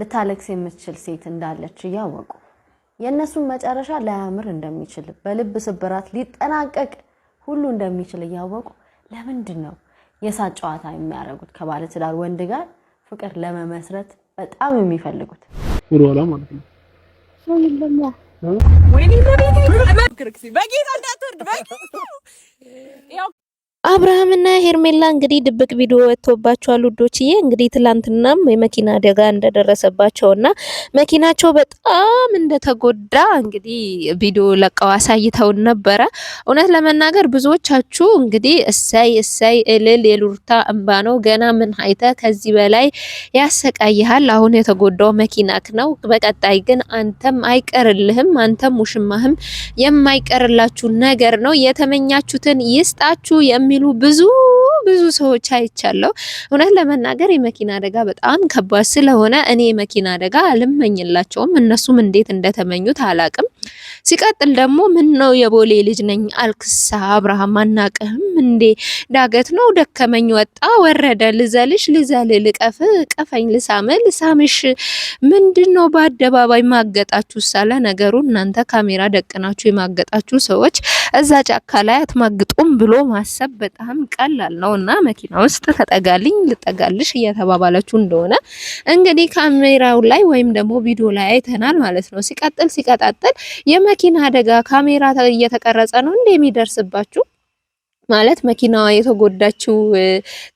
ልታለቅስ የምትችል ሴት እንዳለች እያወቁ የእነሱን መጨረሻ ላያምር እንደሚችል በልብ ስብራት ሊጠናቀቅ ሁሉ እንደሚችል እያወቁ ለምንድን ነው የእሳት ጨዋታ የሚያደርጉት ከባለትዳር ወንድ ጋር ፍቅር ለመመስረት በጣም የሚፈልጉት ማለት ነው። በጌታ እንዳትወርድ አብርሃምና ሄርሜላ እንግዲህ ድብቅ ቪዲዮ ወጥቶባቸዋል ውዶችዬ። እንግዲህ ትላንትናም የመኪና አደጋ እንደደረሰባቸውና መኪናቸው በጣም እንደተጎዳ እንግዲህ ቪዲዮ ለቀው አሳይተውን ነበረ። እውነት ለመናገር ብዙዎቻችሁ እንግዲህ እሰይ እሰይ እልል የሉርታ እንባ ነው ገና ምን አይተ ከዚህ በላይ ያሰቃይሃል። አሁን የተጎዳው መኪናክ ነው። በቀጣይ ግን አንተም አይቀርልህም፣ አንተም ውሽማህም የማይቀርላችሁ ነገር ነው። የተመኛችሁትን ይስጣችሁ የሚ የሚሉ ብዙ ብዙ ሰዎች አይቻለሁ። እውነት ለመናገር የመኪና አደጋ በጣም ከባድ ስለሆነ እኔ የመኪና አደጋ አልመኝላቸውም። እነሱም እንዴት እንደተመኙት አላቅም። ሲቀጥል ደግሞ ምን ነው የቦሌ ልጅ ነኝ አልክሳ አብርሃም አናቅህም እንዴ? ዳገት ነው ደከመኝ፣ ወጣ ወረደ፣ ልዘልሽ፣ ልዘል፣ ልቀፍ፣ ቀፈኝ፣ ልሳም፣ ልሳምሽ ምንድን ነው በአደባባይ ማገጣችሁ? ሳለ ነገሩ እናንተ ካሜራ ደቅናችሁ የማገጣችሁ ሰዎች እዛ ጫካ ላይ አትማግጡም ብሎ ማሰብ በጣም ቀላል ነው እና መኪና ውስጥ ተጠጋልኝ ልጠጋልሽ እየተባባለችው እንደሆነ እንግዲህ ካሜራው ላይ ወይም ደግሞ ቪዲዮ ላይ አይተናል ማለት ነው። ሲቀጥል ሲቀጣጥል የመኪና አደጋ ካሜራ እየተቀረጸ ነው እንደሚደርስባችሁ የሚደርስባችሁ ማለት መኪና የተጎዳችው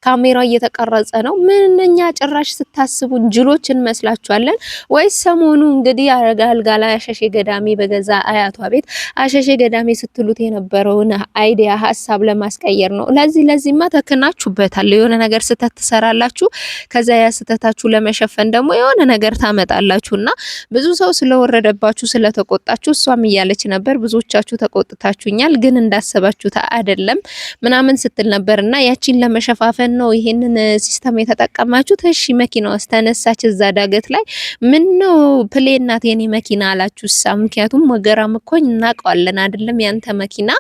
ካሜራ እየተቀረጸ ነው። ምንኛ ጭራሽ ስታስቡ ጅሎች እንመስላችኋለን ወይስ? ሰሞኑ እንግዲህ አልጋ ላይ አሸሼ ገዳሜ በገዛ አያቷ ቤት አሸሼ ገዳሜ ስትሉት የነበረውን አይዲያ ሀሳብ ለማስቀየር ነው። ለዚህ ለዚህማ ተክናችሁበታል። የሆነ ነገር ስህተት ትሰራላችሁ፣ ከዛ ያ ስህተታችሁ ለመሸፈን ደግሞ የሆነ ነገር ታመጣላችሁ እና ብዙ ሰው ስለወረደባችሁ ስለተቆጣችሁ እሷም እያለች ነበር። ብዙዎቻችሁ ተቆጥታችሁኛል፣ ግን እንዳሰባችሁት አይደለም። ምናምን ስትል ነበር እና ያቺን ለመሸፋፈን ነው ይሄንን ሲስተም የተጠቀማችሁት። እሺ መኪና ውስጥ ተነሳች እዛ ዳገት ላይ ምን ነው ፕሌን ናት የኔ መኪና አላችሁ ሳ ምክንያቱም ወገራም እኮ እናውቀዋለን አይደለም ያንተ መኪና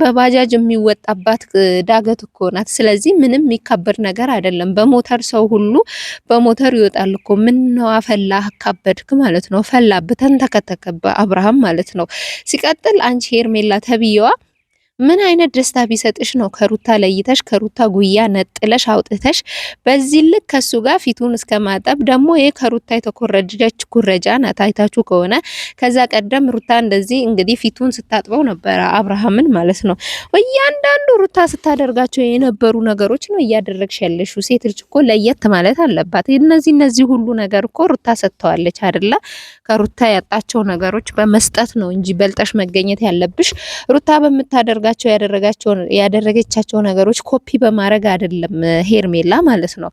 በባጃጅ የሚወጣባት ዳገት እኮ ናት። ስለዚህ ምንም የሚካበድ ነገር አይደለም። በሞተር ሰው ሁሉ በሞተር ይወጣል እኮ ምን ነው አፈላ ካበድክ ማለት ነው። ፈላ ብተን ተከተከበ አብርሃም ማለት ነው። ሲቀጥል አንቺ ሄርሜላ ተብዬዋ ምን አይነት ደስታ ቢሰጥሽ ነው ከሩታ ለይተሽ ከሩታ ጉያ ነጥለሽ አውጥተሽ በዚህ ልክ ከሱ ጋር ፊቱን እስከ ማጠብ ደግሞ ይሄ ከሩታ የተኮረጀች ኩረጃ ናት። አይታችሁ ከሆነ ከዛ ቀደም ሩታ እንደዚህ እንግዲህ ፊቱን ስታጥበው ነበረ አብርሃምን ማለት ነው። እያንዳንዱ ሩታ ስታደርጋቸው የነበሩ ነገሮች ነው እያደረግሽ ያለሽ። ሴት ልጅ እኮ ለየት ማለት አለባት። እነዚህ እነዚህ ሁሉ ነገር እኮ ሩታ ሰጥተዋለች አይደለ? ከሩታ ያጣቸው ነገሮች በመስጠት ነው እንጂ በልጠሽ መገኘት ያለብሽ ሩታ በምታደርጋ ያደረጋቸው ያደረጋቸው ያደረገቻቸው ነገሮች ኮፒ በማድረግ አይደለም ሄርሜላ ማለት ነው።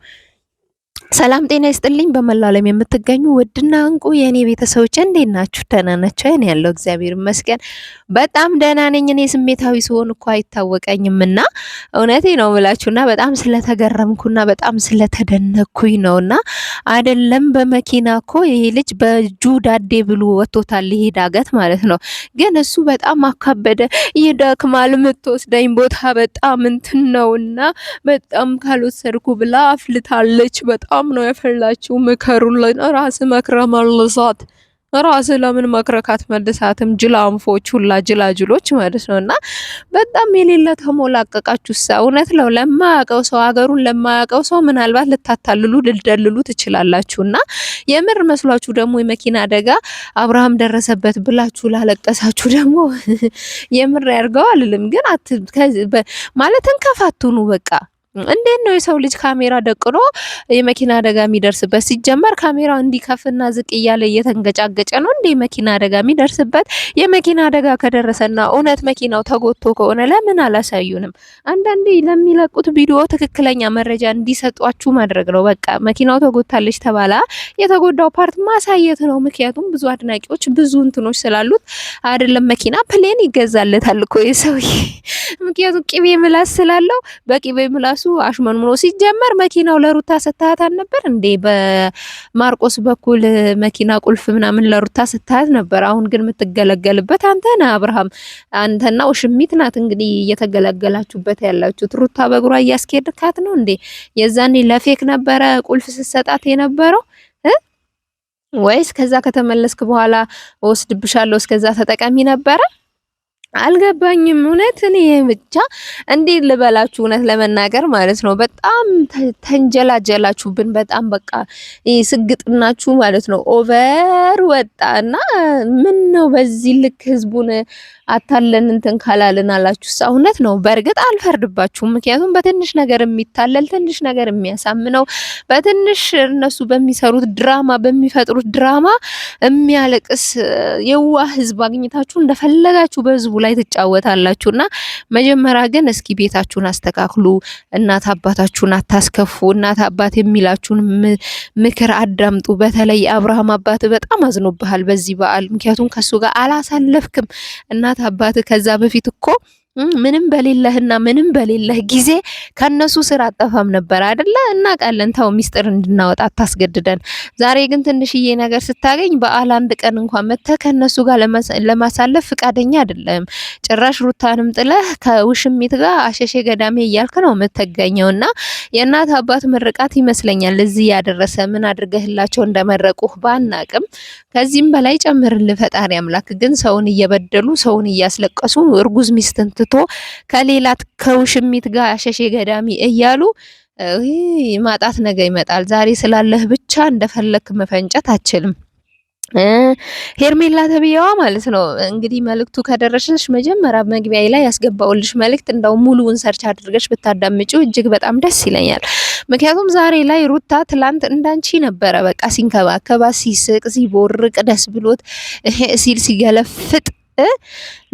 ሰላም ጤና ይስጥልኝ። በመላው ዓለም የምትገኙ ውድና እንቁ የእኔ ቤተሰቦች እንዴት ናችሁ? ደህና ናቸው። እኔ ያለው እግዚአብሔር ይመስገን በጣም ደህና ነኝ። እኔ ስሜታዊ ስሆን እኮ አይታወቀኝም እና እውነቴ ነው ብላችሁና በጣም ስለተገረምኩና በጣም ስለተደነኩኝ ነው እና አይደለም በመኪና እኮ ይሄ ልጅ በእጁ ዳዴ ብሎ ወጥቶታል። ይሄ ዳገት ማለት ነው። ግን እሱ በጣም አካበደ። ይደክማል። የምትወስደኝ ቦታ በጣም እንትን ነው እና በጣም ካልወሰድኩ ብላ አፍልታለች በጣም በጣም ነው የፈላችው። ምከሩልን። ራስ መክረ መልሷት። ራስ ለምን መክረካት መልሳትም። ጅላንፎች ሁላ ጅላጅሎች ማለት ነው። እና በጣም የሌለ ተሞላቀቃችሁ። እውነት ለው ለማያውቀው ሰው ሀገሩን ለማያውቀው ሰው ምናልባት ልታታልሉ ልደልሉ ትችላላችሁ። እና የምር መስሏችሁ ደግሞ የመኪና አደጋ አብርሃም ደረሰበት ብላችሁ ላለቀሳችሁ ደግሞ የምር ያርገው አልልም፣ ግን ማለትን እንከፋትኑ በቃ እንዴት ነው የሰው ልጅ ካሜራ ደቅኖ የመኪና አደጋ የሚደርስበት? ሲጀመር ካሜራው እንዲከፍና ዝቅ እያለ እየተንገጫገጨ ነው እንዴ መኪና አደጋ የሚደርስበት? የመኪና አደጋ ከደረሰና እውነት መኪናው ተጎቶ ከሆነ ለምን አላሳዩንም? አንዳንዴ ለሚለቁት ቪዲዮ ትክክለኛ መረጃ እንዲሰጧችሁ ማድረግ ነው። በቃ መኪናው ተጎታለች ተባላ የተጎዳው ፓርት ማሳየት ነው። ምክንያቱም ብዙ አድናቂዎች ብዙ እንትኖች ስላሉት አይደለም መኪና ፕሌን ይገዛለታል እኮ የሰው ምክንያቱም ቅቤ ምላስ ስላለው በቅቤ ምላስ ራሱ አሽመንምኖ ሲጀመር መኪናው ለሩታ ስታያት አልነበር እንዴ? በማርቆስ በኩል መኪና ቁልፍ ምናምን ለሩታ ስታያት ነበር። አሁን ግን የምትገለገልበት አንተ ነህ አብርሃም፣ አንተና ውሽሚት ናት እንግዲህ እየተገለገላችሁበት ያላችሁት። ሩታ በእግሯ እያስኬድካት ነው እንዴ? የዛኔ ለፌክ ነበረ ቁልፍ ስትሰጣት የነበረው ወይስ ከዛ ከተመለስክ በኋላ ወስድብሻለሁ እስከዛ ተጠቀሚ ነበረ? አልገባኝም እውነት እኔ ብቻ እንዴት ልበላችሁ፣ እውነት ለመናገር ማለት ነው። በጣም ተንጀላጀላችሁብን። በጣም በቃ ስግጥናችሁ ማለት ነው ኦቨር ወጣ እና ምን ነው በዚህ ልክ ህዝቡን አታለን እንትን ካላልን አላችሁ እውነት ነው። በእርግጥ አልፈርድባችሁም። ምክንያቱም በትንሽ ነገር የሚታለል ትንሽ ነገር የሚያሳምነው በትንሽ እነሱ በሚሰሩት ድራማ በሚፈጥሩት ድራማ የሚያለቅስ የዋህ ህዝብ አግኝታችሁ እንደፈለጋችሁ በህዝቡ ላይ ትጫወታላችሁ። እና መጀመሪያ ግን እስኪ ቤታችሁን አስተካክሉ። እናት አባታችሁን አታስከፉ። እናት አባት የሚላችሁን ምክር አዳምጡ። በተለይ አብርሃም አባት በጣም አዝኖብሃል በዚህ በዓል፣ ምክንያቱም ከሱ ጋር አላሳለፍክም እና እናት አባት ከዛ በፊት እኮ ምንም በሌለህና ምንም በሌለህ ጊዜ ከነሱ ስራ አጠፋም ነበር አይደለ? እናውቃለን። ተው ሚስጥር እንድናወጣ አታስገድደን። ዛሬ ግን ትንሽዬ ነገር ስታገኝ በዓል አንድ ቀን እንኳን መተህ ከነሱ ጋር ለማሳለፍ ፍቃደኛ አይደለም። ጭራሽ ሩታንም ጥለህ ከውሽሚት ጋር አሸሼ ገዳሜ እያልክ ነው የምትገኘው። እና የእናት አባት ምርቃት ይመስለኛል እዚህ ያደረሰ። ምን አድርገህላቸው እንደመረቁህ ባናቅም ከዚህም በላይ ጨምርልህ ፈጣሪ አምላክ። ግን ሰውን እየበደሉ ሰውን እያስለቀሱ እርጉዝ ሚስትን ትቶ ከሌላት ከውሽሚት ጋር ሸሼ ገዳሚ እያሉ ማጣት ነገ ይመጣል። ዛሬ ስላለህ ብቻ እንደፈለክ መፈንጨት አችልም። ሄርሜላ ተብያዋ ማለት ነው እንግዲህ መልእክቱ ከደረሰሽ መጀመሪያ መግቢያ ላይ ያስገባውልሽ መልእክት እንደው ሙሉውን ሰርች አድርገሽ ብታዳምጪው እጅግ በጣም ደስ ይለኛል። ምክንያቱም ዛሬ ላይ ሩታ ትላንት እንዳንቺ ነበረ በቃ ሲንከባከባ ሲስቅ ሲቦርቅ ደስ ብሎት ሲል ሲገለፍጥ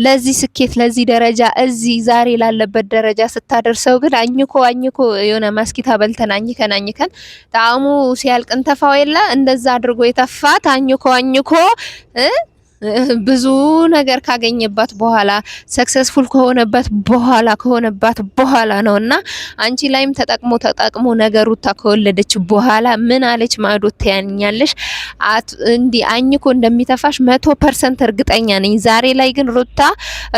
ለዚህ ስኬት ለዚህ ደረጃ እዚህ ዛሬ ላለበት ደረጃ ስታደርሰው ግን አኝኮ አኝኮ የሆነ ማስኪታ በልተን አኝከን አኝከን ጣዕሙ ሲያልቅ እንተፋው የለ እንደዛ አድርጎ የተፋት አኝኮ አኝኮ ብዙ ነገር ካገኘባት በኋላ ሰክሰስፉል ከሆነበት በኋላ ከሆነባት በኋላ ነው እና አንቺ ላይም ተጠቅሞ ተጠቅሞ ነገሩ ከወለደች በኋላ ምን አለች ማዶት ትያኛለሽ እንዲ አኝኮ እንደሚተፋሽ መቶ ፐርሰንት እርግጠኛ ነኝ። ዛሬ ላይ ግን ሩታ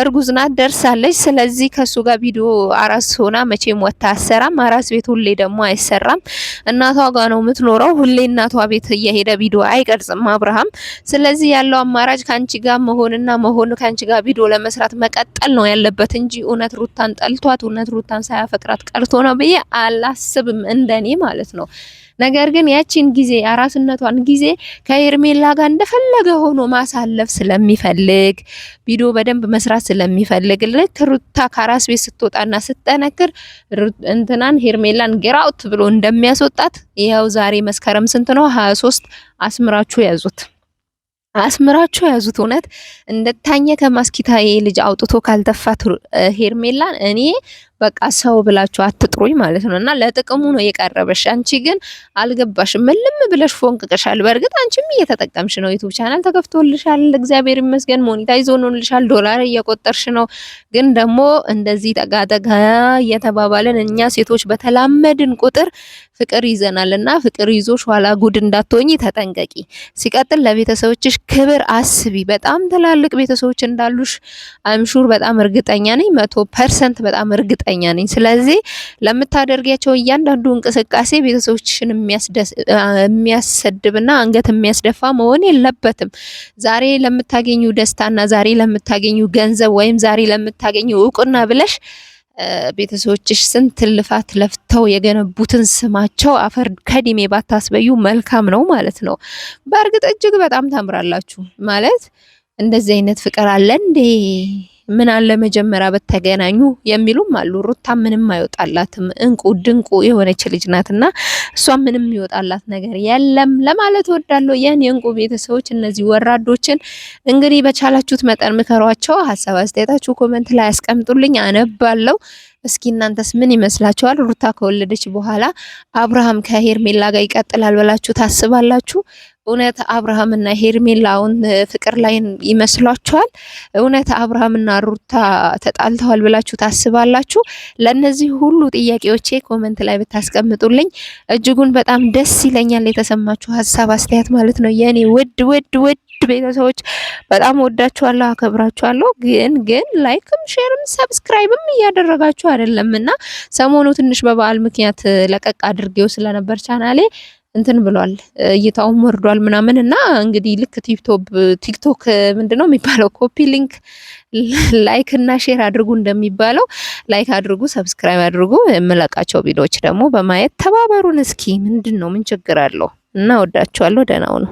እርጉዝ ናት ደርሳለች። ስለዚህ ከሱ ጋር ቪዲዮ አራስ ሆና መቼም ወታ አሰራም። አራስ ቤት ሁሌ ደግሞ አይሰራም። እናቷ ጋር ነው የምትኖረው። ሁሌ እናቷ ቤት እየሄደ ቪዲዮ አይቀርጽም አብርሃም። ስለዚህ ያለው አማራጭ ከአንቺ ጋር መሆንና መሆን ከአንቺ ጋር ቪዲዮ ለመስራት መቀጠል ነው ያለበት እንጂ እውነት ሩታን ጠልቷት እውነት ሩታን ሳያፈቅራት ቀርቶ ነው ብዬ አላስብም፣ እንደኔ ማለት ነው። ነገር ግን ያቺን ጊዜ አራስነቷን ጊዜ ከሄርሜላ ጋር እንደፈለገ ሆኖ ማሳለፍ ስለሚፈልግ ቪዲዮ በደንብ መስራት ስለሚፈልግ ልክ ሩታ ከአራስ ቤት ስትወጣና ስትጠነክር እንትናን ሄርሜላን ጌራውት ብሎ እንደሚያስወጣት ይኸው ዛሬ መስከረም ስንት ነው? 23 አስምራችሁ ያዙት። አስምራችሁ ያዙት። እውነት እንደታኘ ከማስኪታዬ ልጅ አውጥቶ ካልተፋት ሄርሜላን እኔ በቃ ሰው ብላችሁ አትጥሩኝ ማለት ነው። እና ለጥቅሙ ነው የቀረበሽ። አንቺ ግን አልገባሽም። ምልም ብለሽ ፎንቅቅሻል። በእርግጥ አንቺም እየተጠቀምሽ ነው። ዩቱብ ቻናል ተከፍቶልሻል፣ እግዚአብሔር ይመስገን። ሞኒታይዝ ሆኖልሻል፣ ዶላር እየቆጠርሽ ነው። ግን ደግሞ እንደዚህ ጠጋ ጠጋ እየተባባለን እኛ ሴቶች በተላመድን ቁጥር ፍቅር ይዘናል እና ፍቅር ይዞሽ ኋላ ጉድ እንዳትሆኝ ተጠንቀቂ። ሲቀጥል ለቤተሰቦችሽ ክብር አስቢ። በጣም ትላልቅ ቤተሰቦች እንዳሉሽ አምሹር በጣም እርግጠኛ ነኝ፣ መቶ ፐርሰንት በጣም እርግጠኛ እርግጠኛ ነኝ። ስለዚህ ለምታደርጊያቸው እያንዳንዱ እንቅስቃሴ ቤተሰቦችሽን የሚያሰድብና አንገት የሚያስደፋ መሆን የለበትም። ዛሬ ለምታገኙ ደስታና ዛሬ ለምታገኙ ገንዘብ ወይም ዛሬ ለምታገኙ እውቅና ብለሽ ቤተሰቦችሽ ስንት ልፋት ለፍተው የገነቡትን ስማቸው አፈር ከድሜ ባታስበዩ መልካም ነው ማለት ነው። በእርግጥ እጅግ በጣም ታምራላችሁ ማለት እንደዚህ አይነት ፍቅር አለ እንዴ? ምን አለ መጀመሪያ በተገናኙ የሚሉም አሉ። ሩታ ምንም አይወጣላትም እንቁ ድንቁ የሆነች ልጅ ናትና እሷ ምንም ይወጣላት ነገር የለም ለማለት ወዳለው የኔ እንቁ ቤተሰቦች እነዚህ ወራዶችን እንግዲህ በቻላችሁት መጠን ምከሯቸው። ሀሳብ አስተያየታችሁ ኮመንት ላይ አስቀምጡልኝ አነባለሁ። እስኪ እናንተስ ምን ይመስላችኋል? ሩታ ከወለደች በኋላ አብርሃም ከሄርሜላ ጋር ይቀጥላል ብላችሁ ታስባላችሁ? እውነት አብርሃምና ሄርሜላውን ፍቅር ላይ ይመስሏችኋል? እውነት አብርሃምና ሩታ ተጣልተዋል ብላችሁ ታስባላችሁ? ለእነዚህ ሁሉ ጥያቄዎቼ ኮመንት ላይ ብታስቀምጡልኝ እጅጉን በጣም ደስ ይለኛል። የተሰማችሁ ሀሳብ አስተያየት ማለት ነው የኔ ውድ ውድ ውድ ውድ ቤተሰቦች በጣም ወዳችኋለሁ፣ አከብራችኋለሁ። ግን ግን ላይክም ሼርም ሰብስክራይብም እያደረጋችሁ አይደለም እና ሰሞኑ ትንሽ በበዓል ምክንያት ለቀቅ አድርጌው ስለነበር ቻናሌ እንትን ብሏል እይታውም ወርዷል ምናምን እና እንግዲህ ልክ ቲክቶክ ቲክቶክ ነው የሚባለው ኮፒ ሊንክ ላይክ እና ሼር አድርጉ እንደሚባለው ላይክ አድርጉ፣ ሰብስክራይብ አድርጉ። የምለቃቸው ቪዲዮዎች ደግሞ በማየት ተባበሩን። እስኪ ምንድን ነው ምን ችግር አለው እና ወዳችኋለሁ። ደህናው ነው።